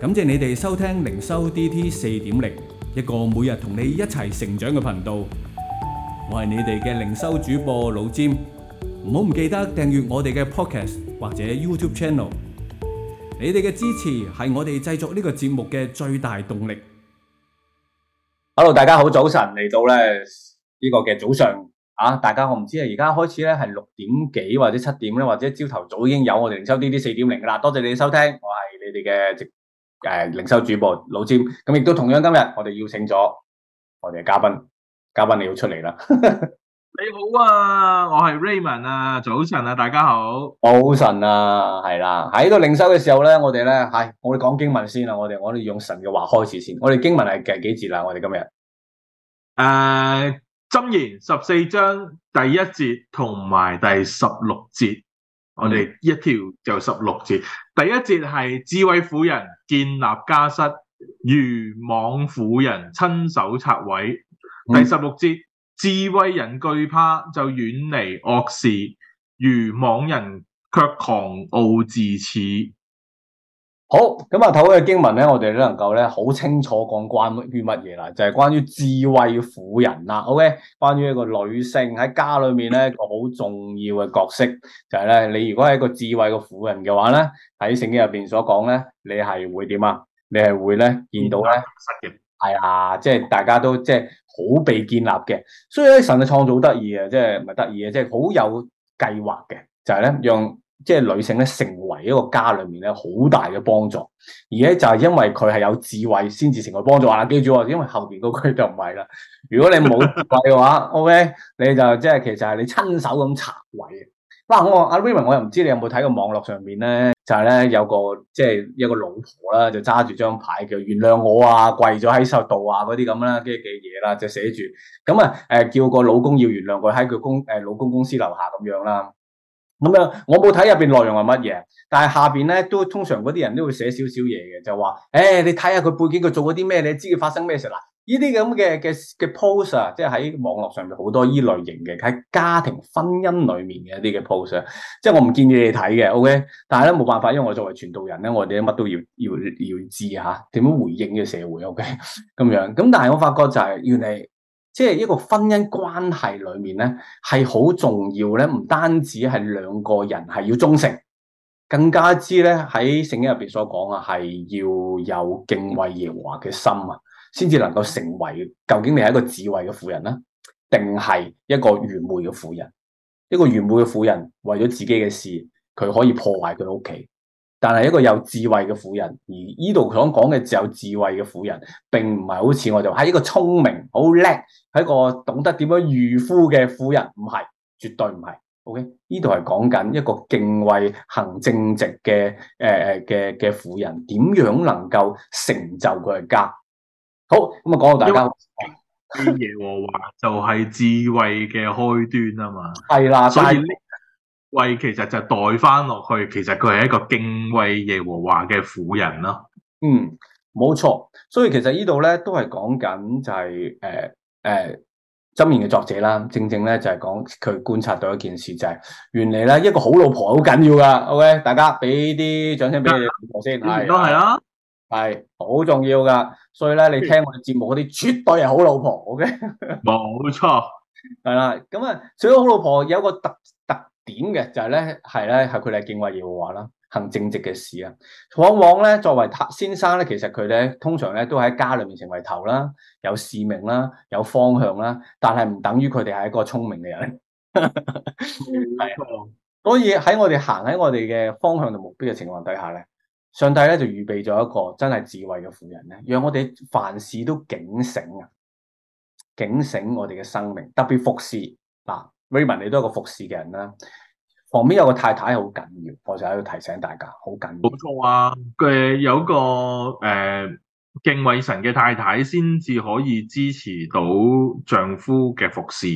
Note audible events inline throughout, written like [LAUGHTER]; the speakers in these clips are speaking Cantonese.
感謝你哋收聽靈修 DT 四點零，一個每日同你一齊成長嘅頻道。我係你哋嘅靈修主播老詹，唔好唔記得訂閱我哋嘅 Podcast 或者 YouTube Channel。你哋嘅支持係我哋製作呢個節目嘅最大動力。Hello，大家好，早晨嚟到咧呢個嘅早上啊，大家我唔知啊，而家開始咧係六點幾或者七點呢？或者朝頭早已經有我哋靈修 DT 四點零噶啦。多謝你哋收聽，我係。你嘅直誒靈修主播老詹，咁亦都同樣今日我哋邀請咗我哋嘅嘉賓，嘉賓你要出嚟啦！你好啊，我係 Raymond 啊，早晨啊，大家好，早晨啊，係啦，喺度靈修嘅時候咧，我哋咧係我哋講經文先啦，我哋我哋用神嘅話開始先，我哋經文係幾幾節啦？我哋今日誒，箴言十四章第一節同埋第十六節。我哋一條就十六節，第一節係智慧婦人建立家室，愚妄婦人親手拆毀。第十六節，智慧人懼怕，就遠離惡事，愚妄人卻狂傲自恃。好咁啊，頭嗰個經文咧，我哋都能夠咧好清楚講關於乜嘢啦，就係、是、關於智慧婦人啦。O、okay? K，關於一個女性喺家裏面咧個好重要嘅角色，就係、是、咧你如果係一個智慧嘅婦人嘅話咧，喺聖經入邊所講咧，你係會點啊？你係會咧見到咧係啊，即係大家都即係好被建立嘅。所以咧，神嘅創造得意啊，即係唔係得意啊？即係好有計劃嘅，就係、是、咧、就是就是、用。即係女性咧，成為一個家裏面咧，好大嘅幫助。而咧就係因為佢係有智慧，先至成個幫助啊！記住，因為後邊嗰句就唔係啦。如果你冇智慧嘅話 [LAUGHS] ，OK，你就即係其實係你親手咁拆毀。哇、啊！我、啊、阿 Raymond 我又唔知你有冇睇過網絡上面咧，就係咧有個即係一個老婆啦，就揸住張牌叫原諒我啊，跪咗喺度啊，嗰啲咁啦，跟住嘅嘢啦，就寫住咁啊誒，叫個老公要原諒佢喺佢公誒老公公，公，公司樓下咁樣啦。咁啊，我冇睇入面內容係乜嘢，但係下面咧都通常嗰啲人都會寫少少嘢嘅，就話，誒、哎，你睇下佢背景，佢做咗啲咩，你知佢發生咩事啦。呢啲咁嘅嘅嘅 post 啊，即係喺網絡上面好多呢類型嘅，喺家庭婚姻裏面嘅一啲嘅 post 即係我唔建議你睇嘅，OK？但係咧冇辦法，因為我作為傳道人咧，我哋乜都要要要知吓，點、啊、樣回應呢個社會，OK？咁樣，咁但係我發覺就係原來。即係一個婚姻關係裏面咧，係好重要咧，唔單止係兩個人係要忠誠，更加之咧喺聖經入邊所講啊，係要有敬畏耶和華嘅心啊，先至能夠成為究竟你係一個智慧嘅婦人咧，定係一個愚昧嘅婦人？一個愚昧嘅婦人為咗自己嘅事，佢可以破壞佢屋企。但係一個有智慧嘅婦人，而呢度想講嘅只有智慧嘅婦人，並唔係好似我就喺一個聰明、好叻、喺一個懂得點樣預夫嘅婦人，唔係，絕對唔係。OK，呢度係講緊一個敬畏行正直嘅誒誒嘅嘅婦人，點樣能夠成就佢嘅家？好，咁啊，講到大家，耶和華就係智慧嘅開端啊嘛，係啦、 [LAUGHS] 啊，所以。為其實就代翻落去，其實佢係一個敬畏耶和華嘅婦人啦、啊。嗯，冇錯。所以其實呢度咧都係講緊就係誒誒，箴、呃呃、言嘅作者啦，正正咧就係講佢觀察到一件事，就係、是、原嚟咧一個好老婆好緊要噶。O、okay? K，大家俾啲掌聲俾你老婆先，係然、啊、都係啦、啊，係好重要噶。所以咧，你聽我哋節目嗰啲、嗯、絕對係好老婆。O K，冇錯。係啦，咁啊，少咗好老婆有個特。點嘅就係、是、咧，係咧係佢哋敬畏耶和華啦，行正直嘅事啊。往往咧作為先生咧，其實佢哋通常咧都喺家裏面成為頭啦，有使命啦，有方向啦。但係唔等於佢哋係一個聰明嘅人。係、 [LAUGHS] 嗯、 [LAUGHS] 所以喺我哋行喺我哋嘅方向同目標嘅情況底下咧，上帝咧就預備咗一個真係智慧嘅婦人咧，讓我哋凡事都警醒啊，警醒我哋嘅生命，特別服事嗱。Raymond，你都係個服侍嘅人啦，旁邊有個太太好緊要，我就喺度提醒大家，好緊要。冇錯啊，佢有個誒、呃、敬畏神嘅太太先至可以支持到丈夫嘅服侍。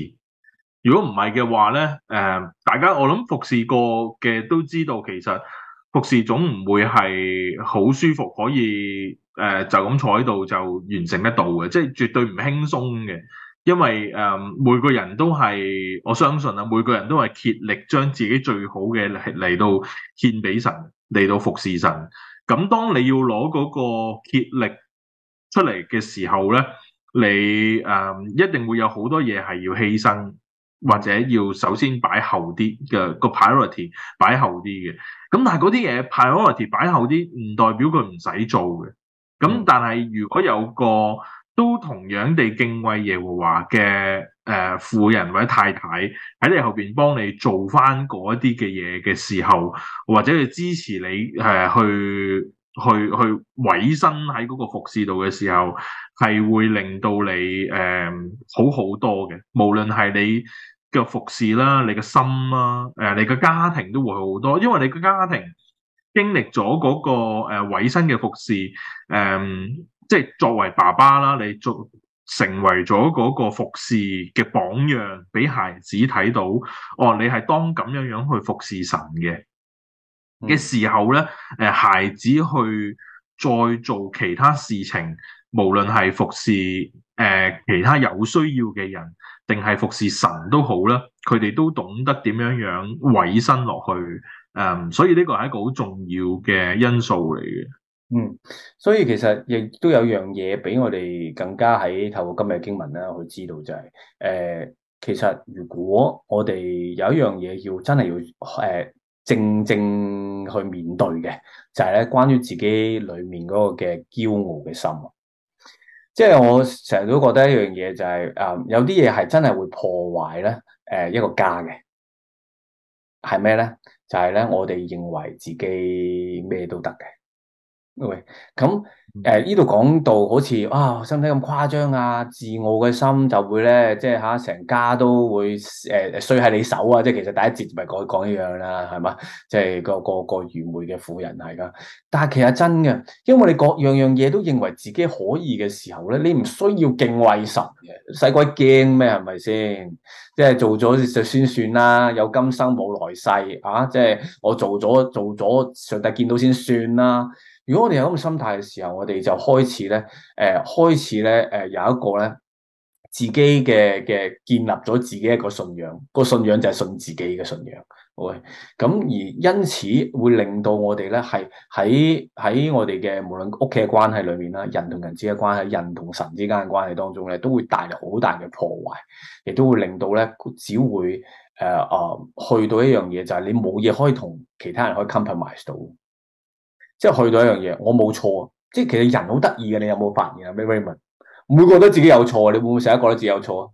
如果唔係嘅話咧，誒、呃、大家我諗服侍過嘅都知道，其實服侍總唔會係好舒服，可以誒、呃、就咁坐喺度就完成得到嘅，即係絕對唔輕鬆嘅。因為誒每個人都係我相信啊，每個人都係竭力將自己最好嘅嚟到獻俾神，嚟到服侍神。咁、嗯、當你要攞嗰個竭力出嚟嘅時候咧，你誒、嗯、一定會有好多嘢係要犧牲，或者要首先擺後啲嘅個 pri 擺、嗯嗯、priority 擺後啲嘅。咁但係嗰啲嘢 priority 擺後啲，唔代表佢唔使做嘅。咁、嗯、但係如果有個都同樣地敬畏耶和華嘅，誒、呃，婦人或者太太喺你後邊幫你做翻嗰一啲嘅嘢嘅時候，或者去支持你，誒、呃，去去去委身喺嗰個服侍度嘅時候，係會令到你，誒、呃，好好多嘅。無論係你嘅服侍啦，你嘅心啦，誒、呃，你嘅家庭都會好多，因為你嘅家庭經歷咗嗰個，誒、呃，委身嘅服侍，誒、呃。即係作為爸爸啦，你做成為咗嗰個服侍嘅榜樣，俾孩子睇到哦，你係當咁樣樣去服侍神嘅嘅時候咧，誒，孩子去再做其他事情，無論係服侍誒、呃、其他有需要嘅人，定係服侍神都好啦，佢哋都懂得點樣樣委身落去，誒、嗯，所以呢個係一個好重要嘅因素嚟嘅。嗯，所以其實亦都有樣嘢俾我哋更加喺透過今日嘅經文啦去知道、就是，就係誒，其實如果我哋有一樣嘢要真係要誒、呃、正正去面對嘅，就係、是、咧關於自己裏面嗰個嘅驕傲嘅心，即、就、係、是、我成日都覺得一樣嘢就係、是、誒、呃，有啲嘢係真係會破壞咧誒、呃、一個家嘅，係咩咧？就係、是、咧我哋認為自己咩都得嘅。會咁誒，呢度講到好似哇，使唔使咁誇張啊？自我嘅心就會咧，即係吓成家都會誒衰喺你手啊！即係其實第一節咪講講呢樣啦，係嘛？即係個個個愚昧嘅婦人係噶，但係其實真嘅，因為你各樣樣嘢都認為自己可以嘅時候咧，你唔需要敬畏神嘅，使鬼驚咩？係咪先？即係做咗就算算啦，有今生冇來世啊！即係我做咗做咗，上帝見到先算啦。如果我哋有咁嘅心態嘅時候，我哋就開始咧，誒、呃，開始咧，誒、呃，呃呢呃呃呃、有一個咧，自己嘅嘅建立咗自己一個信仰，個信仰就係信自己嘅信仰，好、這、啊、個。咁而因此會令到我哋咧係喺喺我哋嘅無論屋企嘅關係裏面啦，人同人之間關係，人同神之間嘅關係當中咧，都會帶嚟好大嘅破壞，亦都會令到咧，只會誒啊、呃呃、去到一樣嘢，就係、是、你冇嘢可以同其他人，人可以 compromise 到。即係去到一樣嘢，我冇錯啊！即係其實人好得意嘅，你有冇發現啊？Raymond，每個都自己有錯，你會唔會成日覺得自己有錯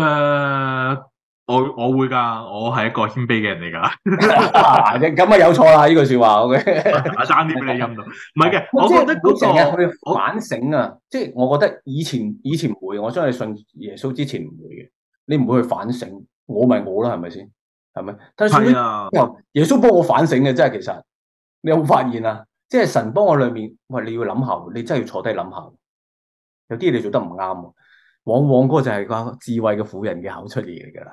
啊？誒、uh,，我我會噶，我係一個謙卑嘅人嚟噶。咁 [LAUGHS] [LAUGHS] 啊有錯啦！呢句說話，阿三、 [LAUGHS] 啊、點俾你飲到？唔係嘅，啊、我係得成、那、日、個、去反省啊！我即係我覺得以前以前唔會，我真係信信耶穌之前唔會嘅。你唔會去反省，我咪我啦，係咪先？係咪？但係除非耶穌幫我反省嘅，真係其實。其實你有冇發現啊？即係神幫我裏面喂、哎，你要諗下，你真係要坐低諗下。有啲嘢你做得唔啱，往往嗰就係個智慧嘅婦人嘅口出嚟嘅啦。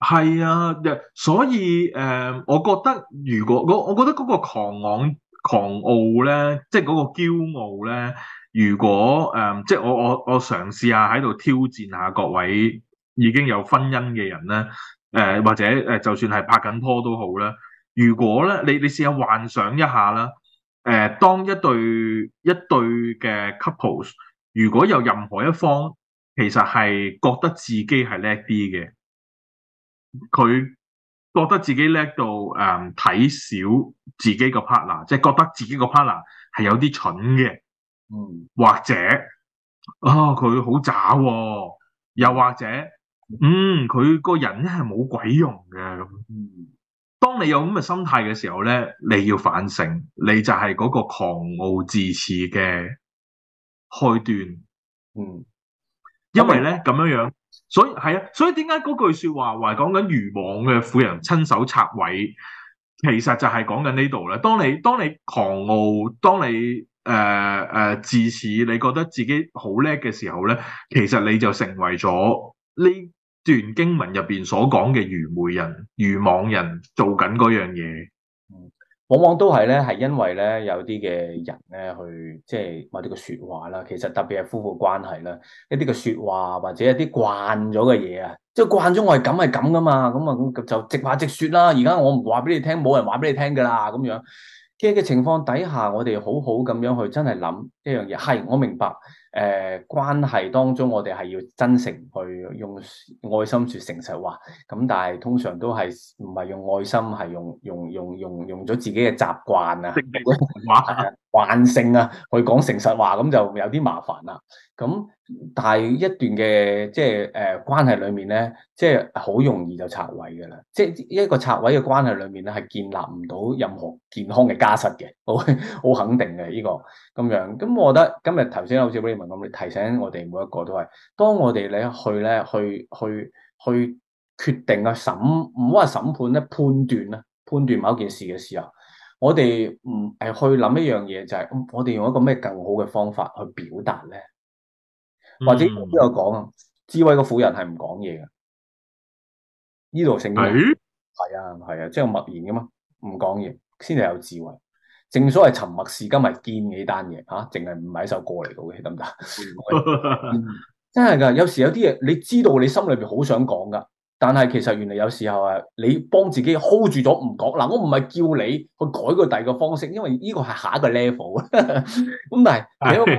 係啊，所以誒、呃，我覺得如果我我覺得嗰個狂妄、狂傲咧，即係嗰個驕傲咧，如果誒，即、呃、係、就是、我我我嘗試下喺度挑戰下各位已經有婚姻嘅人咧，誒、呃、或者誒，就算係拍緊拖都好啦。如果咧，你你試下幻想一下啦，誒、呃，當一對一對嘅 couple，如果有任何一方，其實係覺得自己係叻啲嘅，佢覺得自己叻到誒睇少自己個 partner，即係覺得自己個 partner 係有啲蠢嘅，嗯，或者、哦、啊佢好渣，又或者嗯佢個人係冇鬼用嘅咁。嗯當你有咁嘅心態嘅時候咧，你要反省，你就係嗰個狂傲自恃嘅開端。嗯，因為咧咁樣樣，所以係啊，所以點解嗰句話說話話講緊愚妄嘅婦人親手拆毀，其實就係講緊呢度咧。當你當你狂傲，當你誒誒、呃、自恃，你覺得自己好叻嘅時候咧，其實你就成為咗呢。段經文入邊所講嘅愚昧人、愚妄人做緊嗰樣嘢，嗯，往往都係咧，係因為咧有啲嘅人咧去即係某啲嘅說話啦。其實特別係夫婦關係啦，一啲嘅說話或者一啲慣咗嘅嘢啊，即係慣咗我係咁係咁噶嘛，咁啊就直話直說啦。而家我唔話俾你聽，冇人話俾你聽噶啦，咁樣嘅情況底下，我哋好好咁樣去真係諗一樣嘢，係我明白。誒、呃，關係當中我哋係要真誠去用愛心說誠實話，咁但係通常都係唔係用愛心，係用用用用用咗自己嘅習慣啊。 [LAUGHS] [LAUGHS] 慣性啊，去講誠實話咁就有啲麻煩啦。咁但係一段嘅即係誒關係裏面咧，即係好容易就拆毀噶啦。即係一個拆毀嘅關係裏面咧，係建立唔到任何健康嘅家室嘅，好好肯定嘅呢、這個。咁樣咁，我覺得今日頭先好似李文咁，你提醒我哋每一個都係，當我哋咧去咧去去去，去決定啊審，唔好話審判咧，判斷啦、啊，判斷某件事嘅時候。我哋唔係去諗一樣嘢，就係我哋用一個咩更好嘅方法去表達咧？或者都有講啊，智慧嘅婦人係唔講嘢嘅。呢度成人係啊係啊，啊，啊，即係默言噶嘛，唔講嘢先係有智慧。正所謂沉默是金，係堅嘅單嘢吓，淨係唔係一首歌嚟到嘅，得唔得？ [LAUGHS] [LAUGHS] 真係噶，有時有啲嘢你知道，你心裏邊好想講噶。但係其實原嚟有時候啊，你幫自己 hold 住咗唔講，嗱我唔係叫你去改個第二個方式，因為呢個係下一個 level、 [LAUGHS] 那個。咁但係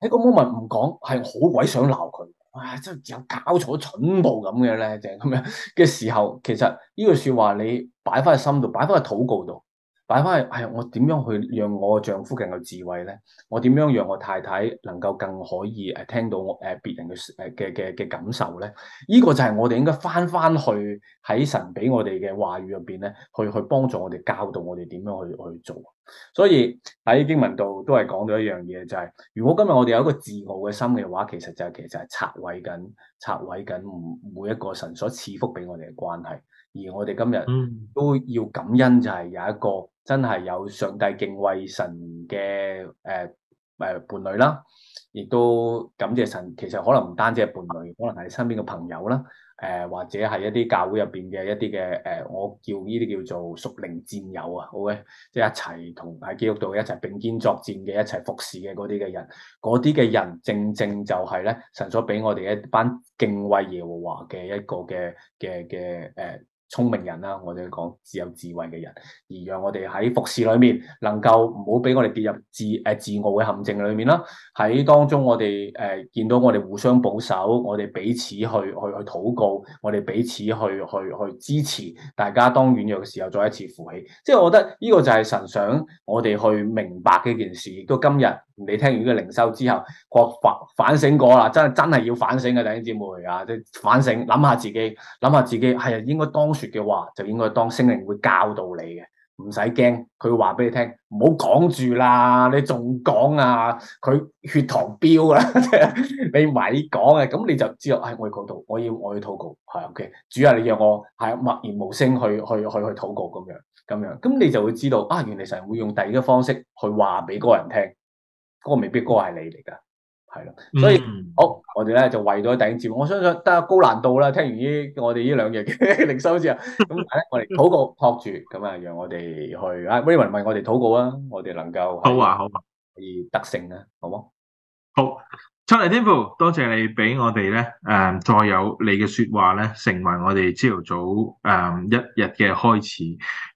喺個 moment 唔講，係好鬼想鬧佢，啊真有搞錯蠢部咁嘅咧，就係咁樣嘅時候，其實呢句說話你擺翻喺心度，擺翻喺禱告度。擺翻去係、哎、我點樣去讓我丈夫更有智慧咧？我點樣讓我太太能夠更可以誒聽到我誒別人嘅誒嘅嘅嘅感受咧？呢、這個就係我哋應該翻翻去喺神俾我哋嘅話語入邊咧，去去幫助我哋教導我哋點樣去去做。所以喺經文度都係講到一樣嘢，就係、是、如果今日我哋有一個自傲嘅心嘅話，其實就係、是、其實係拆毀緊拆毀緊每一個神所賜福俾我哋嘅關係。而我哋今日都要感恩，就係有一個。真係有上帝敬畏神嘅誒誒伴侶啦，亦都感謝神。其實可能唔單止係伴侶，可能係你身邊嘅朋友啦，誒、呃、或者係一啲教會入邊嘅一啲嘅誒，我叫呢啲叫做屬靈戰友啊。好嘅，即係一齊同喺基督度一齊並肩作戰嘅一齊服侍嘅嗰啲嘅人，嗰啲嘅人正正就係咧神所俾我哋一班敬畏耶和華嘅一個嘅嘅嘅誒。聰明人啦，我哋講自有智慧嘅人，而讓我哋喺服侍裏面能夠唔好俾我哋跌入自誒、呃、自傲嘅陷阱裏面啦。喺當中我哋誒、呃、見到我哋互相保守，我哋彼此去去去禱告，我哋彼此去去去支持，大家當軟弱嘅時候再一次扶起。即係我覺得呢個就係神想我哋去明白嘅一件事。到今日。你聽完呢個靈修之後，我反反省過啦，真真係要反省嘅，弟兄姊妹啊！反省，諗下自己，諗下自己係應該當說嘅話，就應該當聖靈會教導你嘅，唔使驚，佢話俾你聽，唔好講住啦，你仲講啊，佢血糖飆啊， [LAUGHS] 你唔係講嘅，咁你就知道，係、哎、我喺嗰度，我要我 okay, 要禱告，係 O K，主啊，你讓我係默然無聲去去去去禱告咁樣，咁樣，咁你就會知道，啊，原來成日會用第二個方式去話俾嗰個人聽。嗰個未必嗰個係你嚟噶，係咯，所以好，我哋咧就為咗頂住，我相信得高難度啦。聽完呢，我哋呢兩日嘅靈修之後，咁咧我哋禱告托住，咁啊讓我哋去啊，William 為我哋禱告啊，我哋能夠好啊，好啊，可以得勝啊，好冇？好，出嚟天父，多謝你俾我哋咧，誒，再有你嘅說話咧，成為我哋朝頭早誒一日嘅開始，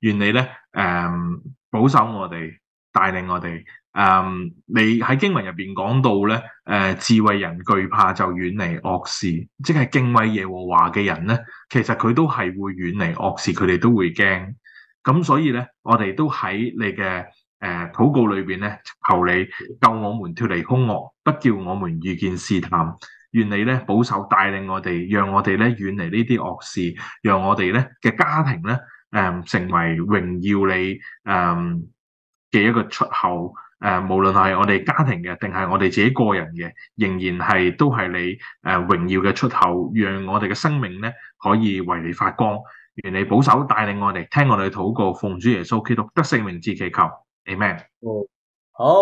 願你咧誒保守我哋，帶領我哋。誒，um, 你喺經文入邊講到咧，誒、呃，智慧人懼怕就遠離惡事，即係敬畏耶和華嘅人咧，其實佢都係會遠離惡事，佢哋都會驚。咁所以咧，我哋都喺你嘅誒禱告裏邊咧，求你救我們脫離兇惡，不叫我們遇見試探，願你咧保守帶領我哋，讓我哋咧遠離呢啲惡事，讓我哋咧嘅家庭咧，誒、呃，成為榮耀你，誒、呃，嘅一個出口。誒，無論係我哋家庭嘅，定係我哋自己個人嘅，仍然係都係你誒榮耀嘅出口，讓我哋嘅生命咧可以為你發光。願你保守帶領我哋，聽我哋禱告，奉主耶穌基督得勝名字祈求。Amen。嗯，好，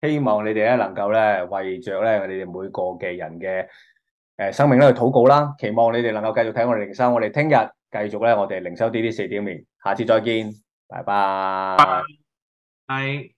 希望你哋咧能夠咧為著咧我哋每一個嘅人嘅誒生命咧去禱告啦。期望你哋能夠繼續睇我哋靈修，我哋聽日繼續咧，我哋靈修 DT 四點面，下次再見，拜拜。拜，係。